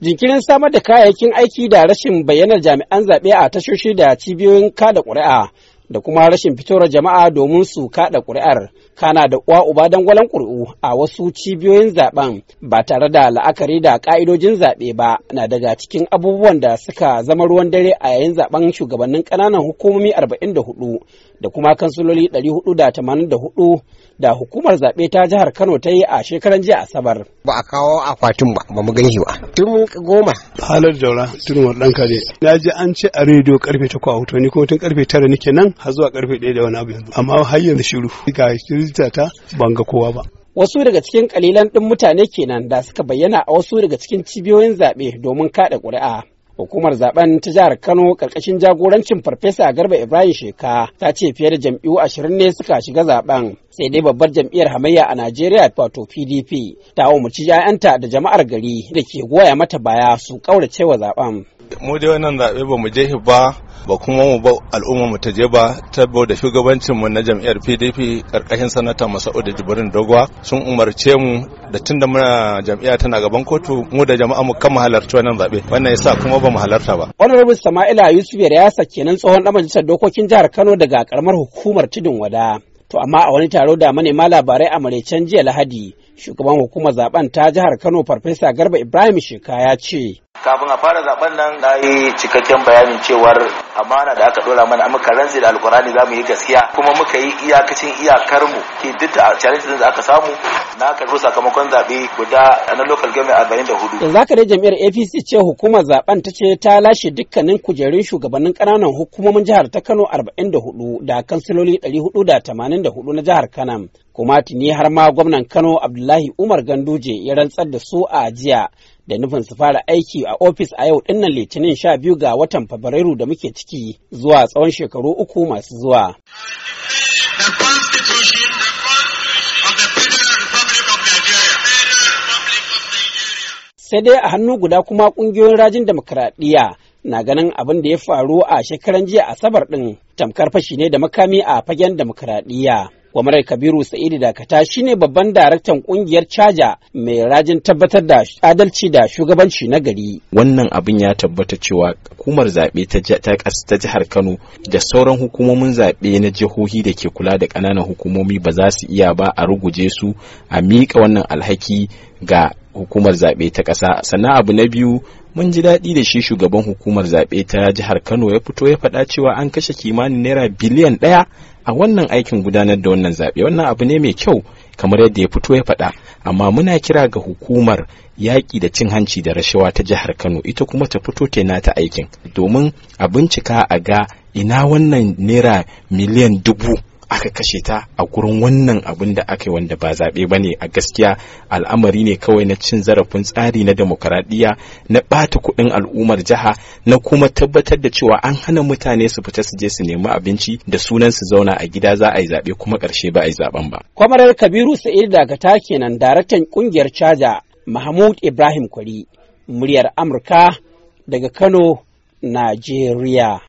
jinkirin samar da kayayyakin aiki da rashin bayyanar jami'an zaɓe a tashoshi da cibiyoyin kada ƙuri'a da kuma rashin fitowar jama'a domin su kada ƙuri'ar kana da uwa uba gwalon ƙuri'u a wasu cibiyoyin zaben ba tare da la'akari da ƙa'idojin zaɓe ba na daga cikin abubuwan da suka zama ruwan dare a yayin zaben shugabannin ƙananan hukumomi 44 da kuma kansuloli 484 da hukumar zaɓe ta jihar Kano ta yi a shekaran jiya Asabar. Ba a kawo akwatin ba, ba mu gan shi ba. Tun goma. Halar Jaura, tun ɗan kaje. Na ji an ce a rediyo karfe takwa a ni tun karfe tara nake nan har zuwa karfe ɗaya da wani abu yanzu amma har yanzu shiru ga rijista ta ban ga kowa ba wasu daga cikin kalilan ɗin mutane kenan da suka bayyana a wasu daga cikin cibiyoyin zaɓe domin kaɗa ƙuri'a hukumar zaben ta jihar kano karkashin jagorancin farfesa garba ibrahim sheka ta ce fiye da jam'iyyu ashirin ne suka shiga zaben sai dai babbar jam'iyyar hamayya a najeriya wato pdp ta umarci 'ya'yanta da jama'ar gari da ke goya mata baya su ƙaurace wa zaben mu dai wannan zaɓe ba mu je ba ba kuma mu ba al'umma mu ta je ba da shugabancin mu na jam'iyyar PDP karkashin sanata Masaudu Jibrin Dogwa sun umarce mu da tunda muna jam'iyya tana gaban kotu mu da jama'a mu kan halarci wannan zaɓe wannan yasa kuma ba mu halarta ba. Honorable Sama'ila Yusuf yaryasa kenan tsohon ɗan majalisar dokokin jihar Kano daga karamar hukumar Tudun Wada. To amma a wani taro da manema labarai a Maraicen jiya Lahadi, shugaban hukumar zaben ta jihar Kano Farfesa Garba Ibrahim Sheka ya ce kafin a fara zaben nan na yi cikakken bayanin cewar amana da aka dora mana muka rantsi da alkurani za mu yi gaskiya kuma muka yi iyakacin iyakar mu ke duk da challenge da aka samu na zo sakamakon zabe guda na local government 44 yanzu aka dai jami'ar apc ce hukumar zaben ta ce ta lashe dukkanin kujerun shugabannin ƙananan hukumomin jihar ta kano arba'in da kansiloli 484 na jihar kano kuma tuni har ma gwamnan kano abdullahi umar ganduje ya rantsar da su a jiya da nufin su fara aiki a ofis a yau dinnan litinin sha biyu ga watan Fabrairu da muke ciki zuwa tsawon shekaru uku masu zuwa. Sai dai a hannu guda kuma kungiyoyin rajin demokuraɗiyya na ganin abin da ya faru a shekaran jiya asabar ɗin tamkar fashi ne da makami a fagen demokuraɗiyya. Kwamarar Kabiru Sa'idu Dakata shine babban daraktan kungiyar Caja mai rajin tabbatar da adalci da shugabanci na gari. Wannan abin ya tabbata cewa hukumar zaɓe ta jihar Kano da sauran hukumomin zaɓe na jihohi da ke kula da ƙananan hukumomi ba za su iya ba a ruguje su a miƙa wannan alhaki ga hukumar zaɓe ta ƙasa sannan abu na biyu mun ji daɗi da shi shugaban hukumar zaɓe ta jihar kano ya fito ya faɗa cewa an kashe kimanin naira biliyan ɗaya a wannan aikin gudanar da wannan zaɓe wannan abu ne mai kyau kamar yadda ya fito ya faɗa amma muna kira ga hukumar yaƙi da cin hanci da rashawa ta jihar kano ita kuma ta fito ta ta aikin domin a bincika a ga ina wannan naira miliyan dubu aka kashe ta a gurin wannan abin da aka yi wanda ba zaɓe ba ne a gaskiya al'amari ne kawai na cin zarafin tsari na demokaradiyya na ɓata kuɗin al'ummar jiha na kuma tabbatar da cewa an hana mutane su fita su je su nemi abinci da sunan su zauna a gida za a yi zaɓe kuma ƙarshe ba a yi zaɓen ba. kwamarar kabiru sa'id ta kenan daraktan ƙungiyar caja mahmud ibrahim kwari muryar amurka daga kano najeriya